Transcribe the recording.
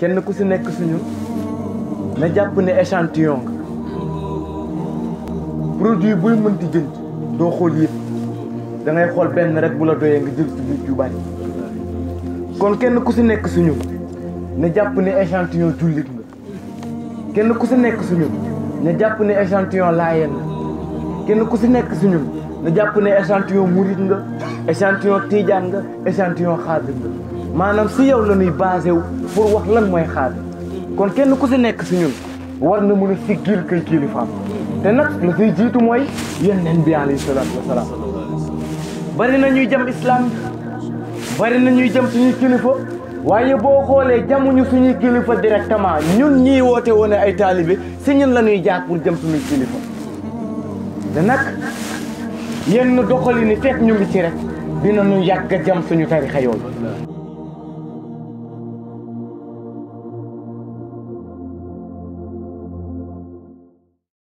kenn ku si nekk suñu na jàpp ne échantillon nga produit buy mënti jënd doo xool yëpp da xool benn rek bu la doyee nga kon kenn ku si nekk suñu na jàpp ne échantillon jullit nga kenn ku si nekk suñu na jàpp ne échantillon laayeen la kenn ku si nekk si ñun na jàpp ne échantillon murit nga échantillon tiijaan nga échantillon xaal nga maanaam si yow la ñuy basé wu pour wax lan mooy xaalis kon kenn ku si nekk si ñun war na mën a siggil kay kilifaam te nag la siy jiitu mooy yeneen bi alayhi salaatu wasalaam bari na ñuy jëm islam bari na ñuy jëm suñuy kilifa waaye boo xoolee jamuñu suñuy kilifa directement ñun ñii woote woon ay taalibe si ñun la ñuy jaat pour jëm suñuy kilifa te nag yenn doxali ni fekk ñu ngi ci rek dina ñu yàgg a jëm suñu tarixa yooyu